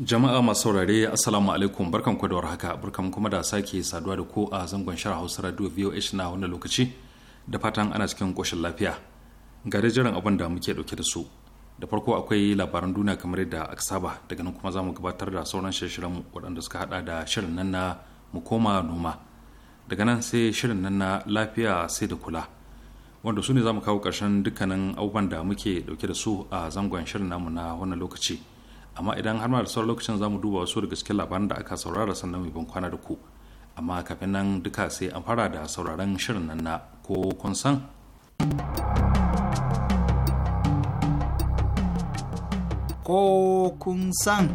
Jama'a masu saurare Assalamu alaikum barkan ku da warhaka barkan kuma da sake saduwa da ko a zangon shara Hausa Radio VOH na wannan lokaci da fatan ana cikin koshin lafiya. Ga jiran abin da muke dauke da su. Da farko akwai labaran duniya kamar yadda aka saba daga nan kuma za mu gabatar da sauran shirin mu waɗanda suka hada da shirin nan na mu koma noma. Daga nan sai shirin nan na lafiya sai da kula. Wanda su ne za mu kawo ƙarshen dukkanin abubuwan da muke dauke da su a zangon shirin namu na wannan lokaci. amma idan har ma da sauran lokacin za mu duba wasu daga cikin labaran da aka saurara sannan mai kwana da ku amma kafin nan duka sai an fara da sauraron shirin nan na ko kun san ko kun san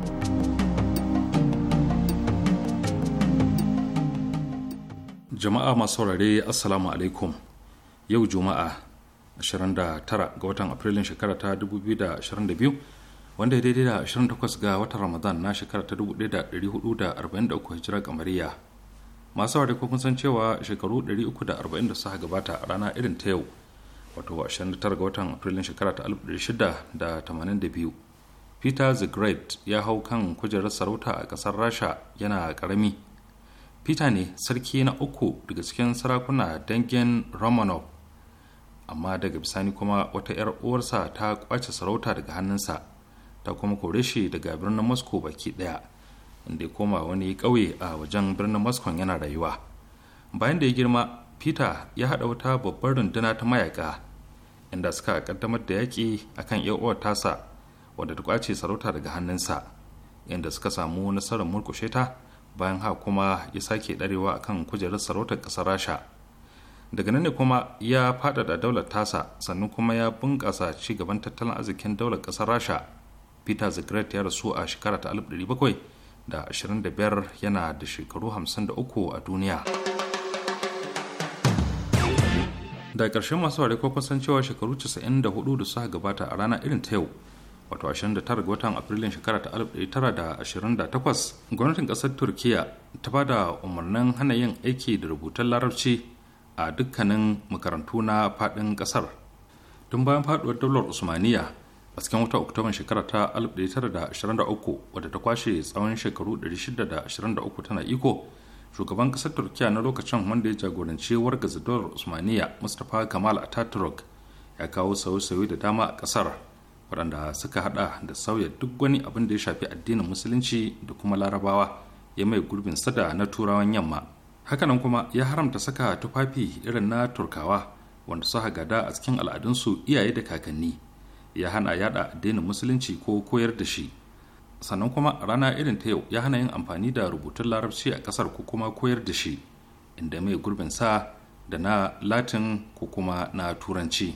jama'a masu saurare assalamu alaikum yau juma'a 29 ga watan afrilun shekara ta 2022 wanda ya daidai da 28 ga watan ramadan na shekara ta 1443 hijira kamariya masu ware kun san cewa shekaru 340 da suka gabata a rana irin ta yau wato 29 ga watan afrilun shekara ta 1682 peter the great ya hau kan kujerar sarauta a kasar rasha yana karami peter ne sarki na uku daga cikin sarakuna dangin romanov amma daga bisani kuma wata 'yar uwarsa ta kwace sarauta daga hannunsa ta kuma kore shi daga birnin moscow baki daya inda ya koma wani ƙauye a wajen birnin moscow yana rayuwa bayan da ya girma peter ya haɗa wata babbar runduna ta mayaka inda suka kaddamar da yaƙi akan uwar tasa wadda ta kwace sarauta daga hannunsa inda suka samu nasarar murkushe ta bayan ha kuma ya sake ɗarewa kan kujerar sarautar ƙasar rasha daga nan ne kuma ya faɗaɗa daular tasa sannan kuma ya bunƙasa ci gaban tattalin arzikin daular ƙasar rasha peter the great ya rasu a shekara ta 1725 yana da shekaru 53 a duniya da ƙarshen masu ware ko kusan cewa shekaru 94 da suka gabata a rana irin ta yau wato 29 ga watan afrilun shekara ta 1928 gwamnatin kasar turkiya ta ba da umarnin hana yin aiki da rubutun larabci a dukkanin makarantu na fadin kasar tun bayan faduwar daular usmaniya a cikin wata oktoban shekara ta 1923 wadda ta kwashe tsawon shekaru 623 tana iko shugaban kasar turkiya na lokacin wanda ya jagoranci wargaza dolar usmaniya mustapha kamal ataturk ya kawo sauye-sauye da dama a kasar waɗanda suka hada da sauya duk wani abin da ya shafi addinin musulunci da kuma larabawa ya mai gurbin sada na turawan yamma hakanan kuma ya haramta saka tufafi irin na turkawa wanda suka gada a cikin al'adunsu iyaye da kakanni ya hana yada addinin musulunci ko koyar da shi sannan kuma rana irin ta yau ya hana yin amfani da rubutun larabci a kasar ko kuma koyar da shi inda mai gurbin sa da na latin ko kuma na turanci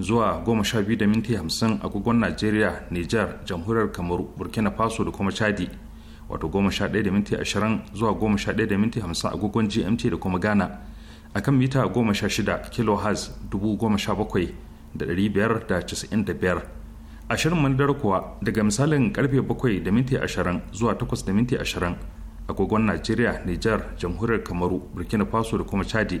zuwa goma sha biyu da minti hamsin agogon najeriya nijar jamhuriyar kamaru burkina faso da kuma chadi wato goma sha ɗaya da minti ashirin zuwa goma sha ɗaya agogon gmt da kuma ghana a kan mita goma sha shida A dubu goma sha bakwai da ɗari biyar da da biyar ashirin mandar kuwa daga misalin karfe bakwai da minti ashirin zuwa takwas da minti ashirin agogon najeriya nijar jamhuriyar kamaru burkina faso da kuma chadi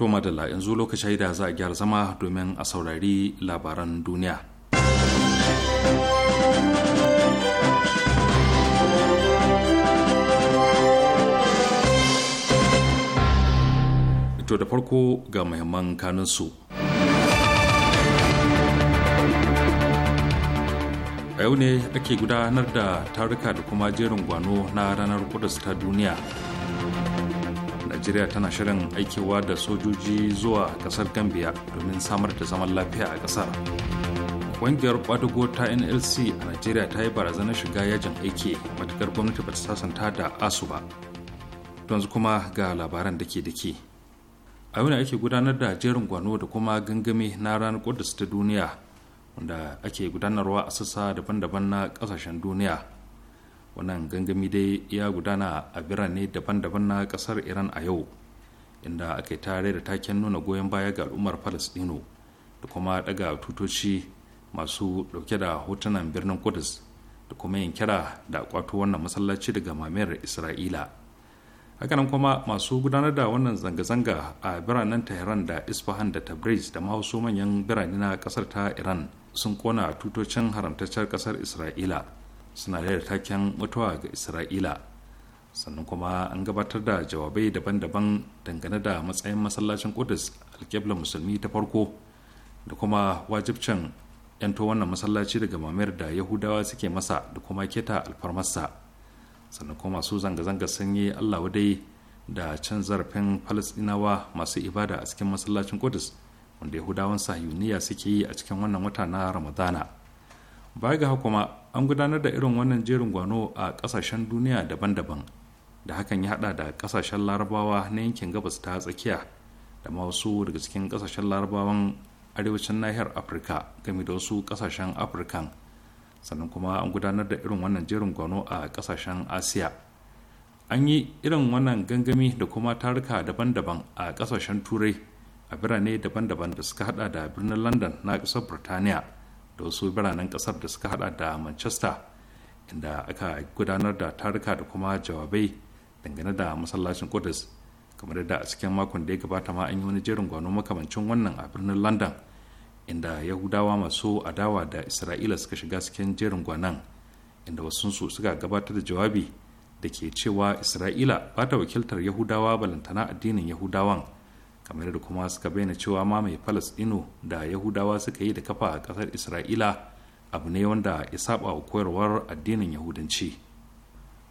To madalla yanzu lokaci da za a gyara zama domin a saurari labaran duniya. To da farko ga muhimman kanunsu. A yau ne ake gudanar da taruka da kuma jerin gwano na ranar kudus ta duniya. najeriya tana shirin aikewa da sojoji zuwa kasar gambia domin samar da zaman lafiya a kasar ƙungiyar kwadugo ta nlc a najeriya ta yi barazanar shiga yajin aiki matuƙar gwamnati ba ta sasanta da asu ba yanzu kuma ga labaran da ke da ke a yau ake gudanar da jerin gwano da kuma gangami na ranar kudus ta duniya wanda ake gudanarwa a sassa daban-daban na ƙasashen duniya wannan gangami dai ya gudana a birane daban-daban na kasar iran a yau inda aka yi tare da taken nuna goyon baya ga al'ummar palestino da kuma daga tutoci masu dauke da hotunan birnin kudus da kuma yin kira da kwato wannan masallaci daga mamayar isra'ila hakanan kuma masu gudanar da wannan zanga-zanga a biranen tehran da isfahan da tabriz da masu manyan birane na kasar ta iran sun kona tutocin haramtaccen kasar isra'ila suna da taken mutuwa ga isra'ila sannan kuma an gabatar da jawabai daban-daban dangane da matsayin masallacin kudus alkebla musulmi ta farko da kuma wajibcin yanto wannan masallaci daga mamayar da yahudawa suke masa da kuma keta alfarmarsa sannan kuma su zanga-zanga sun yi allah wadai da can zarafin falasdinawa masu ibada a cikin masallacin kudus wanda yahudawan sahiyuniya suke yi a cikin wannan wata na ramadana ba ga kuma an gudanar da irin wannan jerin gwano a kasashen duniya daban-daban da hakan ya hada da kasashen larabawa na yankin gabas ta tsakiya da ma wasu daga cikin kasashen larabawan arewacin nahiyar afirka game da wasu kasashen afirkan sannan kuma an gudanar da irin wannan jerin gwano a kasashen asiya an yi irin wannan gangami da kuma taruka daban-daban a kasashen turai a birane daban-daban da suka hada da birnin london na ƙasar burtaniya da wasu biranen kasar da suka hada da manchester inda aka gudanar da taruka da kuma jawabai dangane da masallacin kudus kamar yadda a cikin makon da ya gabata ma an yi wani jerin gwano makamancin wannan a birnin london inda yahudawa masu adawa da isra'ila suka shiga cikin jerin gwanon inda wasu su suka gabatar da jawabi da ke cewa isra'ila ba ta wakiltar yahudawa balantana addinin yahudawan kamar da kuma suka bayyana cewa ma mai ino da yahudawa suka yi da kafa a ƙasar isra'ila abu ne wanda ya saba wa koyarwar addinin yahudanci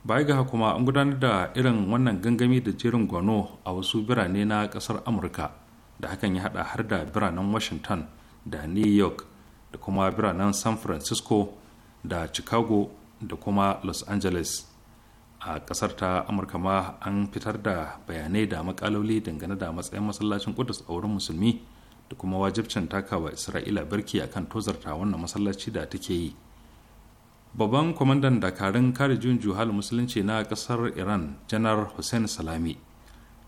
baya ga kuma an gudanar da irin wannan gangami da jerin gwano a wasu birane na ƙasar amurka da hakan ya hada har da biranen washington da new york da kuma biranen san francisco da chicago da kuma los angeles a kasar ta amurka ma an fitar da bayanai da makaloli dangane da matsayin masallacin kudus a wurin musulmi da kuma wajibcin takawa isra'ila birki akan tozarta wannan masallaci da take yi babban kwamandan dakarun kare juyin juhal musulunci na kasar iran janar hussein salami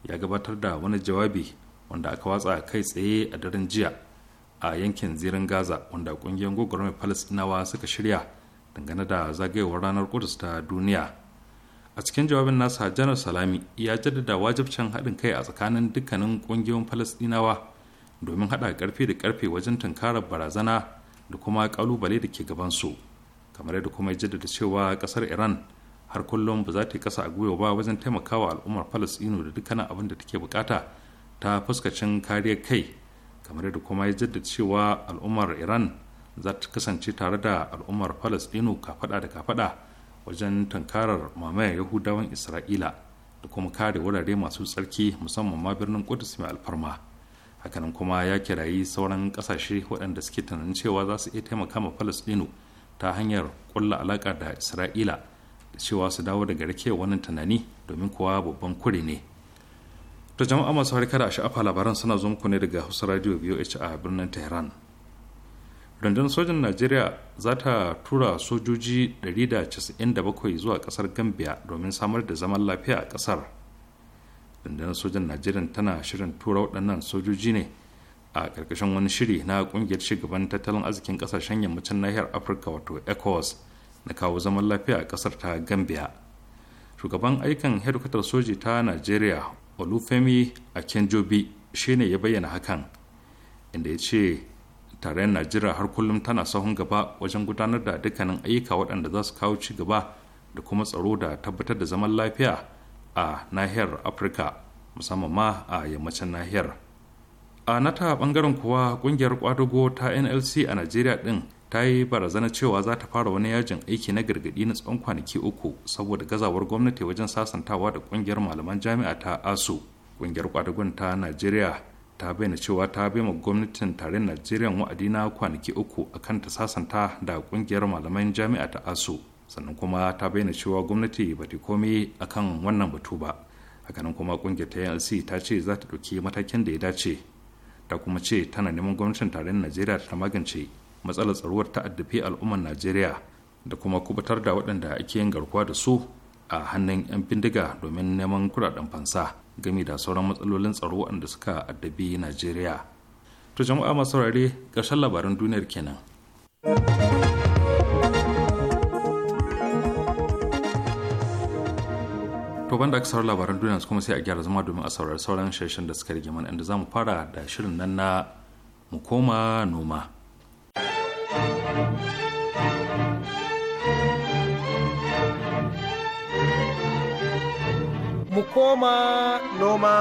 ya gabatar da wani jawabi wanda aka watsa kai tsaye a daren jiya a yankin zirin gaza wanda kungiyar gwagwarmar palestinawa suka shirya dangane da zagayewar ranar kudus ta duniya a cikin jawabin nasa janar salami ya jaddada wajibcin haɗin kai a tsakanin dukkanin ƙungiyoyin falasɗinawa domin haɗa ƙarfi da ƙarfe wajen tunkarar barazana da kuma ƙalubale da ke gabansu kamar yadda kuma ya jaddada cewa ƙasar iran har kullum ba za ta yi ƙasa a gwiwa ba wajen taimakawa al'ummar falasɗinu da dukkanin abin da take bukata ta fuskacin kariyar kai kamar yadda kuma ya jaddada cewa al'ummar iran za ta kasance tare da al'ummar falasɗinu kafaɗa da kafaɗa wajen tankarar mamaya yahudawan isra'ila da kuma kare wurare masu tsarki musamman ma birnin kudus mai alfarma hakanan kuma ya kirayi sauran kasashe waɗanda suke tunanin cewa za su iya taimaka ma falastinu ta hanyar kulla alaƙa da isra'ila da cewa su dawo daga rike wannan tunani domin kuwa babban kure ne to jama'a masu harkar a sha'afa labaran suna zo muku ne daga hausa radio voh a birnin tehran rundun sojin najeriya za ta tura sojoji 197 zuwa kasar gambia domin samar da zaman lafiya a kasar rundunar sojin najeriya tana shirin tura waɗannan sojoji ne a ƙarƙashin wani shiri na ƙungiyar shugaban tattalin arzikin ƙasashen yammacin nahiyar afirka wato ecowas na kawo zaman lafiya a ƙasar ta gambia shugaban aikin hedkwatar soji ta najeriya olufemi akinjobi shine ya bayyana hakan inda ya ce tarayyar najeriya har kullum tana sahun gaba wajen gudanar da dukkanin ayyuka waɗanda za su kawo ci gaba da kuma tsaro da tabbatar da zaman lafiya a nahiyar afirka musamman ma a yammacin nahiyar a nata bangaren kuwa kungiyar kwadago ta nlc a najeriya din ta yi barazana cewa za ta fara wani yajin aiki na gargadi na tsawon kwanaki uku saboda gazawar gwamnati wajen sasantawa da kungiyar malaman jami'a ta asu kungiyar kwadagon ta najeriya ta bayyana cewa ta bai ma gwamnatin tarayyar najeriya wa'adi na kwanaki uku akan ta sasanta da kungiyar malaman jami'a ta aso sannan kuma ta bayyana cewa gwamnati ba ta komai akan wannan batu ba hakanan kuma kungiyar ta nlc ta ce za ta ɗauki matakin da ya dace ta kuma ce tana neman gwamnatin tarayyar najeriya ta magance matsalar tsaruwar ta'addafi al'ummar najeriya da kuma kubutar da waɗanda ake yin garkuwa da su a hannun 'yan bindiga domin neman kuɗaɗen fansa gami da sauran matsalolin tsaro waɗanda suka addabi najeriya to jama'a masu saurare ƙarshen labaran duniyar kenan to banda aka saurari labaran duniya su kuma sai a gyara zama domin a saurari sauran shirshen da suka rige mana inda za mu fara da shirin nan na mu koma noma mu koma noma.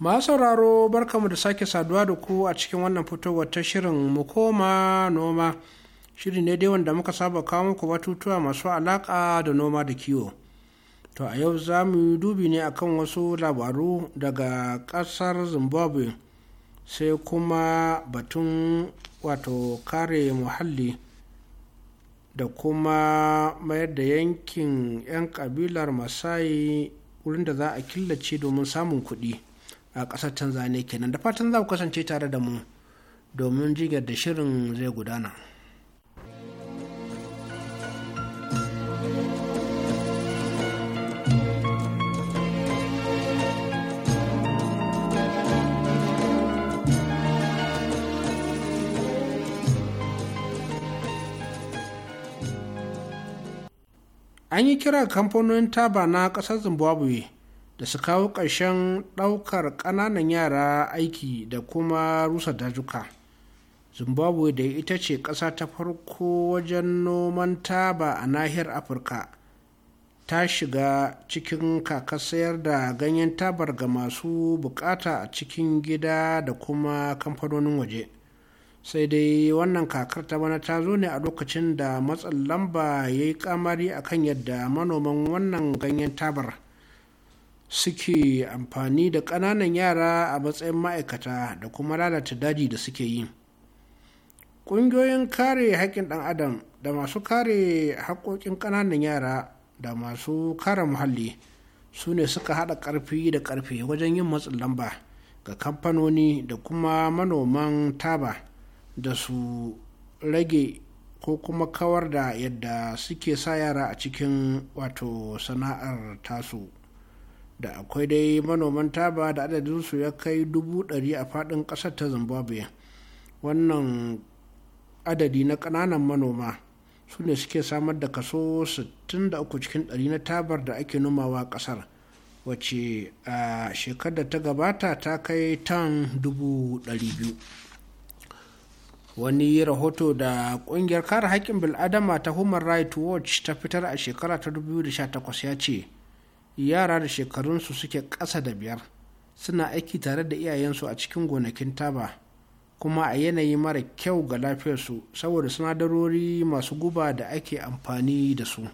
Masu sauraro barkamu da sake saduwa da ku a cikin wannan fitowar ta shirin mu koma noma. Shiri ne dai wanda muka saba kawo muku batutuwa masu alaƙa da noma da kiwo. To a yau za mu yi dubi ne akan wasu labaru daga ƙasar Zimbabwe sai kuma batun wato kare muhalli da kuma mayar da yankin 'yan kabilar masai wurin da za a killace domin samun kuɗi a ƙasar tanzania kenan da fatan za ku kasance tare da mu domin jigar da shirin zai gudana. an yi kira kamfanonin taba na ƙasar zimbabwe da su kawo ƙarshen ɗaukar ƙananan yara aiki da kuma rusa dajuka zimbabwe da ita ce ƙasa ta farko wajen noman taba a nahiyar afirka ta shiga cikin kaka sayar da ganyen tabar ga masu bukata a cikin gida da kuma kamfanonin waje sai dai wannan kakar ta bana ta zo ne a lokacin da matsin lamba ya yi kamari a kan yadda manoman wannan ganyen tabar suke amfani da ƙananan yara a matsayin ma'aikata da kuma lalata daji da suke yi ƙungiyoyin kare haƙƙin ɗan adam da masu kare haƙƙoƙin ƙananan yara da masu kare muhalli su ne suka haɗa ƙarfi da ƙarfe wajen yin matsin lamba ga kamfanoni da kuma manoman taba da su rage ko kuma kawar da yadda suke sa yara a cikin wato sana'ar tasu da akwai dai manoman taba da adadin su ya kai dubu ɗari a faɗin ƙasar ta zimbabwe wannan adadi na ƙananan manoma su ne suke samar da kaso 63 cikin ɗari na tabar da ake nomawa ƙasar wacce a shekarar da ta gabata ta kai tan dubu ɗari biyu wani rahoto da kungiyar kare haƙƙin bil'adama ta human rights watch ta fitar a shekara ta 2018 ya ce yara da shekarunsu suke ƙasa da biyar suna aiki tare da iyayensu a cikin gonakin taba kuma a yanayi mara kyau ga lafiyarsu saboda sinadarori masu guba da ake amfani da su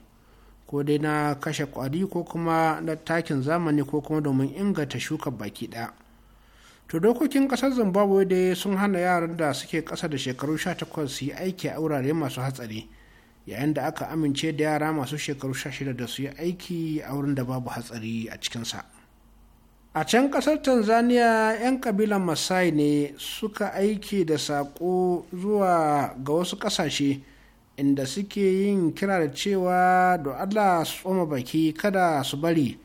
ko dai na kashe kwari ko kuma na takin zamani ko kuma domin inganta shuka baki ɗaya to dokokin kasar zimbabwe dai sun hana yaran da suke kasa da shekaru 18 su yi aiki a wurare masu hatsari yayin da aka amince da yara masu shekaru 16 da su yi aiki a wurin da babu hatsari a cikinsa a can kasar tanzania 'yan kabilan masai ne suka aiki da saƙo zuwa ga wasu ƙasashe inda suke yin kira da cewa da allah su tsoma baki kada su bari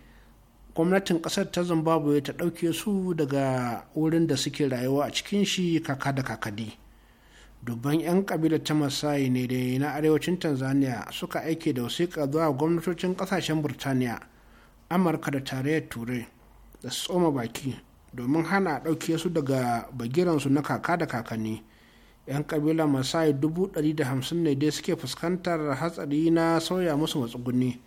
gwamnatin kasar ta zimbabwe ta ɗauke su daga wurin da suke rayuwa a cikin shi kaka da kakadi dubban 'yan kabilar ta masai ne da na arewacin tanzania suka aike da wasiƙa zuwa gwamnatocin ƙasashen burtaniya amurka da tarayyar turai da tsoma baki domin hana ɗauke su daga bagiransu na kaka da kakanni 'yan kabila masai 150 ne dai suke fuskantar hatsari na sauya musu matsuguni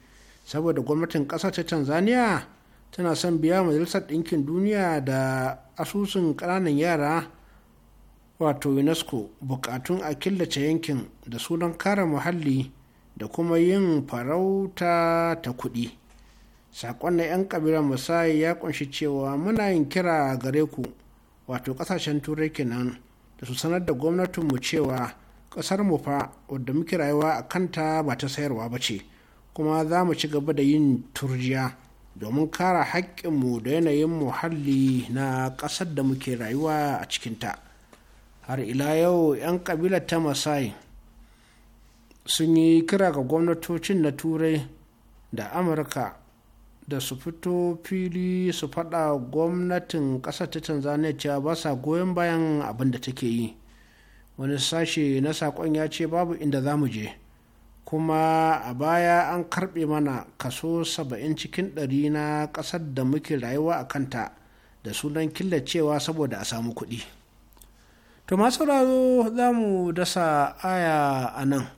saboda gwamnatin ƙasar ta tanzania tana son biya majalisar ɗinkin duniya da asusun ƙananan yara wato unesco buƙatun a killace yankin da sunan kare muhalli da kuma yin farauta ta kuɗi saƙon na 'yan ƙabilar musayi ya ƙunshi cewa muna yin kira gare ku wato ƙasashen turai kenan da su sanar da gwamnatinmu cewa ƙasar mu fa wadda muke rayuwa a kanta ba ta sayarwa ba ce kuma za mu ci gaba da yin turjiya domin kara haƙƙinmu da yanayin muhalli na ƙasar da muke rayuwa a cikinta har ila yau 'yan ƙabilar ta masai sun yi kira ga gwamnatocin na turai da amurka da su fito fili su faɗa gwamnatin ƙasar ta tanzania cewa ba sa goyon bayan abin da take yi wani sashe na saƙon ya ce babu inda za mu je kuma a baya an karbe mana kaso 70 cikin ɗari na ƙasar da muke rayuwa a kanta da sunan killacewa saboda a samu kuɗi to masu sauraro za mu dasa aya a nan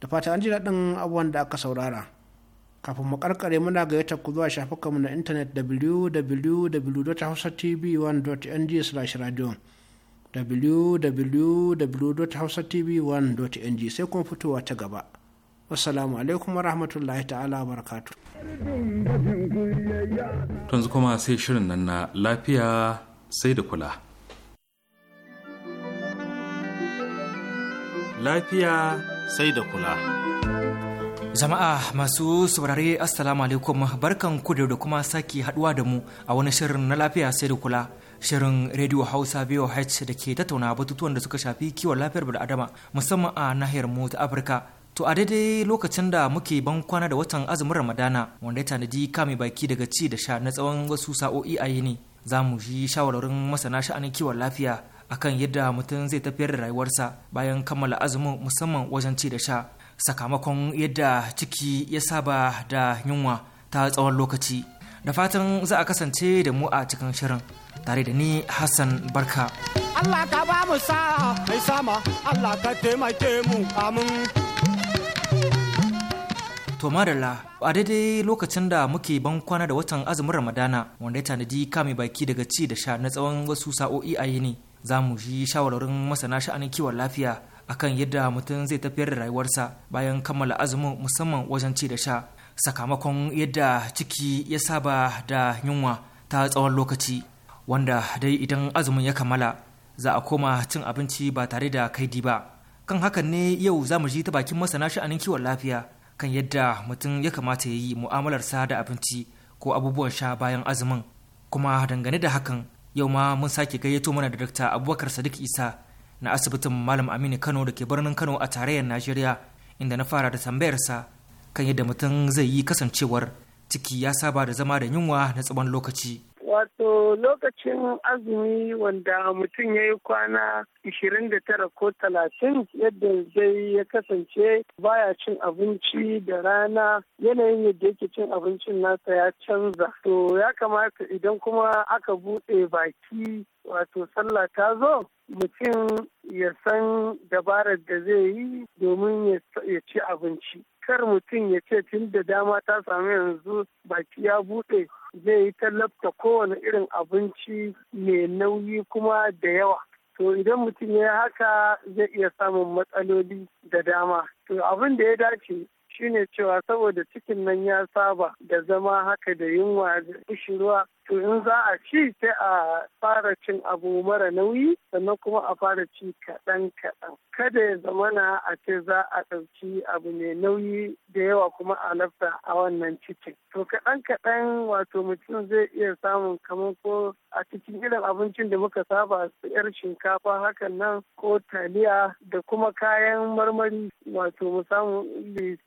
da fata an ji daɗin abubuwan da aka saurara kafin mu karkare muna gayyata ku zuwa shafukanmu na intanet www.hausatv1.ng/radio www.hausatv1.ng sai kuma fitowa ta gaba. Wassalamu alaikum wa rahmatullahi ta'ala wa barakatu. Tunzu kuma sai shirin nan na lafiya sai da kula. Lafiya sai da kula. Jama'a masu saurare Assalamu alaikum barkan ku da kuma sake haduwa da mu a wani shirin na lafiya sai da kula. shirin rediyo Hausa VOH da ke tattauna batutuwan da suka shafi kiwon lafiyar bil'adama musamman a nahiyar mu ta Afirka. To a daidai lokacin da muke ban kwana da watan azumin Ramadana wanda ya tanadi kame baki daga ci da sha na tsawon wasu sa'o'i a yini za mu ji shawarwarin masana sha'anin kiwon lafiya akan yadda mutum zai tafiyar da rayuwarsa bayan kammala azumin musamman wajen ci da sha sakamakon yadda ciki ya saba da yunwa ta tsawon lokaci. da fatan za a kasance da mu a cikin shirin tare da ni Hassan Barka. Allah ka ba mu sa'a mai sama Allah ka taimake mu amin. To madalla a daidai lokacin da muke ban kwana da watan azumin Ramadana wanda ya tanadi kame baki daga ci da sha na tsawon wasu sa'o'i a yini za mu ji shawarwarin masana sha'anin kiwon lafiya akan yadda mutum zai tafiyar da rayuwarsa bayan kammala azumin musamman wajen ci da sha sakamakon yadda ciki ya saba da yunwa ta tsawon lokaci wanda dai idan azumin ya kammala za a koma cin abinci ba tare da kaidi ba kan hakan ne yau za mu ji ta bakin masana sha'anin kiwon lafiya kan yadda mutum ya kamata ya yi mu'amalarsa da abinci ko abubuwan sha bayan azumin kuma dangane da hakan yau ma mun sake gayyato mana da Dr. Abubakar Sadiq Isa na asibitin Malam Aminu Kano da ke birnin Kano a tarayyar Najeriya inda na fara da tambayarsa kan yadda mutum zai yi kasancewar ciki ya saba da zama da yunwa na tsawon lokaci. Wato lokacin azumi wanda mutum ya yi kwana 29 ko 30 yadda zai ya kasance baya cin abinci da rana yanayin yadda yake cin abincin nasa ya canza. To ya kamata idan kuma aka buɗe baki wato sallah ta zo mutum ya san dabarar da zai yi domin ya ci abinci. kar mutum ya ce tun da dama ta samu yanzu baki ya buɗe zai yi tallafta kowane irin abinci mai nauyi kuma da yawa to idan mutum ya haka zai iya samun matsaloli da dama to abin da ya dace shine cewa saboda cikin nan ya saba da zama haka da yunwa da kushirwa to in za a ci sai a fara cin abu mara nauyi sannan kuma a fara ci kaɗan kaɗan kada ya zama na a ce za a ɗauki abu mai nauyi da yawa kuma a lafta a wannan cikin to kaɗan kaɗan wato mutum zai iya samun kamar ko a cikin irin abincin da muka saba su yar shinkafa hakan nan ko taliya da kuma kayan marmari wato mu samu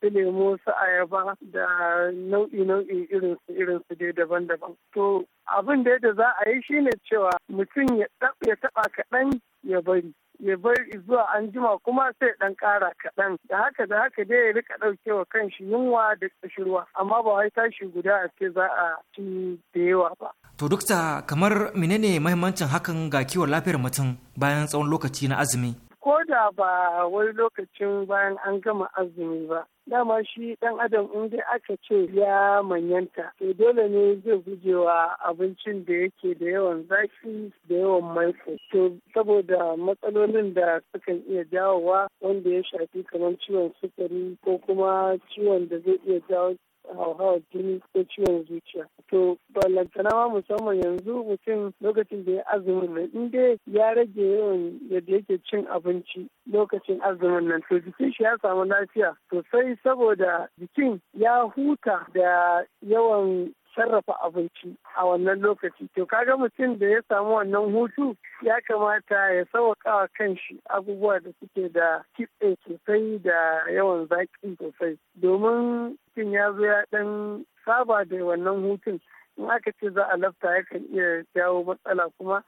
su lemo su ayaba da nau'i nau'i irin su irin su dai daban-daban to abin da yadda za a yi shine cewa mutum ya taba kaɗan ya bari ya bari zuwa an jima kuma sai dan ƙara kaɗan da haka da haka dai ya rika ɗaukewa kan shi yunwa da ƙashirwa amma ba wai tashi guda a ce za a ci da yawa ba. to dukta kamar menene mahimmancin hakan ga kiwon lafiyar mutum bayan tsawon lokaci na azumi. ko da ba wani lokacin bayan an gama azumi ba dama shi dan adam in dai aka ce ya manyanta to dole ne zai gujewa abincin da yake da yawan zafi da yawan maiko to saboda matsalolin da sukan iya jawowa wanda ya shafi kamar ciwon sukari ko kuma ciwon da zai iya jawo hauhawar jini ko ciwon zuciya. To lantana ma musamman yanzu mutum lokacin da ya azumin nan in dai ya rage yawan yadda yake cin abinci lokacin azumin nan to jikin shi ya samu lafiya sosai saboda jikin ya huta da yawan sarrafa abinci a wannan lokaci to ka ga mutum da ya samu wannan hutu ya kamata ya sauka kan kanshi abubuwa da suke da kitse sosai da yawan zaƙi sosai domin mutum ya zo ya ɗan saba da wannan hutun in aka ce za a lafta yakan iya jawo matsala kuma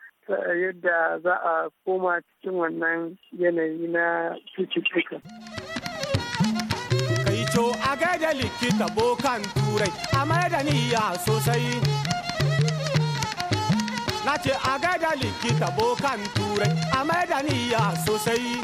yadda za a koma cikin wannan yanayi na cututtuka. a gaida likita bokan turai a da ya sosai na ce a gaida likita bokan turai a da ya sosai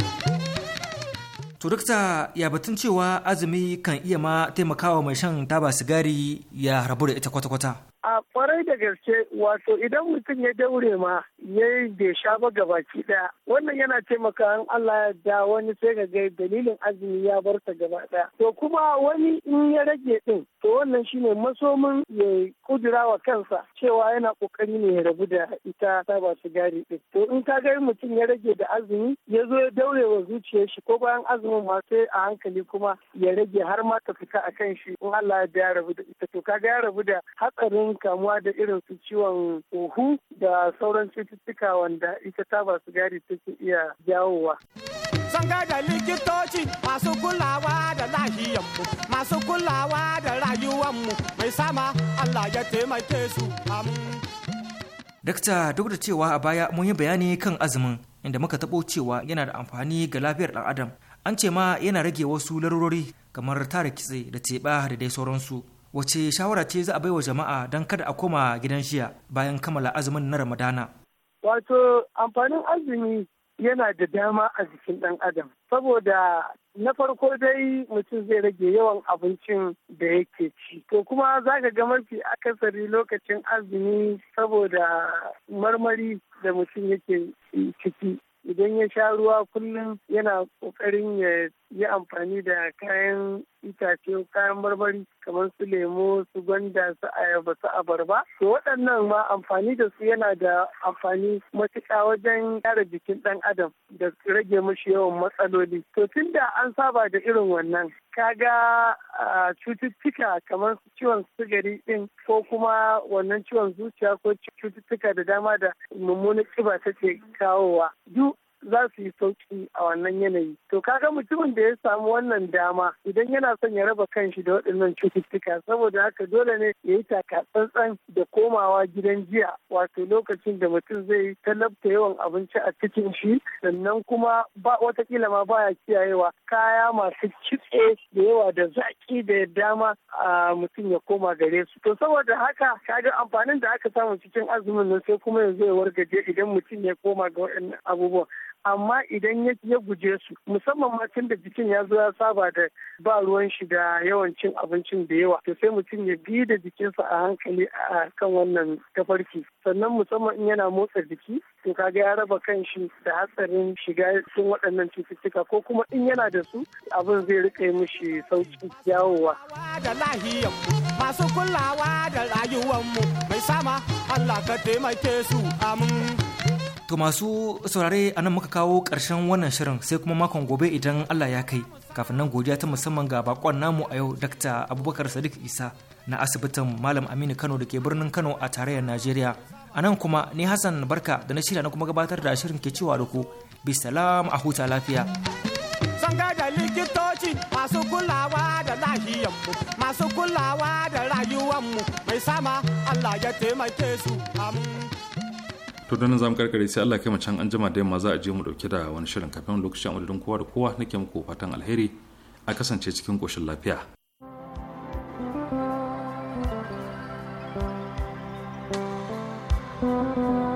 turukta ya batun cewa azumi kan iya ma taimakawa mai shan taba sigari ya rabu da ita kwata-kwata A kwarai da gaske wato idan mutum ya daure ma ya yi da sha ba gabaki daya wannan yana taimaka an Allah ya da wani sai ga gai dalilin azumi ya bar ta gaba daya. To kuma wani in ya rage din to wannan shine masomin ya kudura wa kansa cewa yana kokari ne ya rabu da ita ta ba gari din. To in ka ga mutum ya rage da azumi ya zo ya daure wa zuciyar shi ko bayan azumin ma sai a hankali kuma ya rage har ma ta fita a kan shi in Allah ya da ya rabu da ita to ka ga ya rabu da hatsarin kamuwa da irin su ciwon huhu da sauran cututtuka wanda ita taba sigari take iya jawowa. Sun da likitoci masu kulawa da lahiyanmu, masu kulawa da rayuwanmu mai sama Allah ya taimake su Dakta duk da cewa a baya mun yi bayani kan azumin inda muka taɓo cewa yana da amfani ga lafiyar ɗan adam an ce ma yana rage wasu larurori kamar tara kitse da teɓa da dai sauransu. wace shawara ce za a baiwa jama'a don kada a koma gidan shiya bayan kammala azumin na ramadana wato amfanin azumi yana da dama a jikin ɗan adam saboda na farko dai mutum zai rage yawan abincin da yake ci to kuma za ka ga mafi akasari lokacin azumi saboda marmari da mutum yake ciki idan ya sha ruwa kullum yana kokarin ya yi amfani da kayan itace kayan barbari kamar su lemo su gwanda su ayaba su abarba to waɗannan ma amfani da su yana da amfani matuƙa wajen gyara jikin ɗan adam da rage mashi yawan matsaloli to tun da an saba da irin wannan kaga cututtuka kamar ciwon sigari ɗin ko kuma wannan ciwon zuciya ko cututtuka da dama da mummunan ƙiba take kawowa duk za su yi sauki a wannan yanayi. To ka ga mutumin da ya samu wannan dama idan yana son ya raba kan shi da waɗannan cututtuka saboda haka dole ne ya yi takatsantsan da komawa gidan jiya wato lokacin da mutum zai talabta yawan abinci a cikin shi sannan kuma ba watakila ma baya kiyayewa kaya masu kitse da yawa da zaƙi da dama a mutum ya koma gare su. To saboda haka ka ga amfanin da aka samu cikin azumin nan sai kuma yanzu ya wargaje idan mutum ya koma ga waɗannan abubuwa. amma idan ya guje su musamman ma tun da jikin ya zo ya saba da ba ruwan shi da yawan abincin da yawa to sai mutum ya bi da jikinsa a hankali a kan wannan tafarki sannan musamman in yana motsa jiki to kaga ya raba kan shi da hatsarin shiga cikin waɗannan cututtuka ko kuma in yana da su abin zai rika mishi sauki yawowa masu kulawa da rayuwanmu mai sama Allah ka taimake su amin To masu saurare a nan muka kawo ƙarshen wannan shirin sai kuma makon gobe idan Allah ya kai. Kafin nan godiya ta musamman ga bakon namu a yau Dr. Abubakar Sadiq Isa na asibitin Malam Aminu Kano da ke birnin Kano a tarayyar Najeriya. A nan kuma ni Hassan Barka da na shirya na kuma gabatar da shirin ke cewa da ku salam a huta lafiya. Sun da likitoci masu kulawa da lahiyanmu, masu kulawa da rayuwanmu mai sama Allah ya taimake su. to dan zamu karkare sai Allah kai can an da yamma za a je mu dauke da wani shirin kafin lokacin amadadin kowa da kowa nake muku fatan alheri a kasance cikin koshin lafiya thank you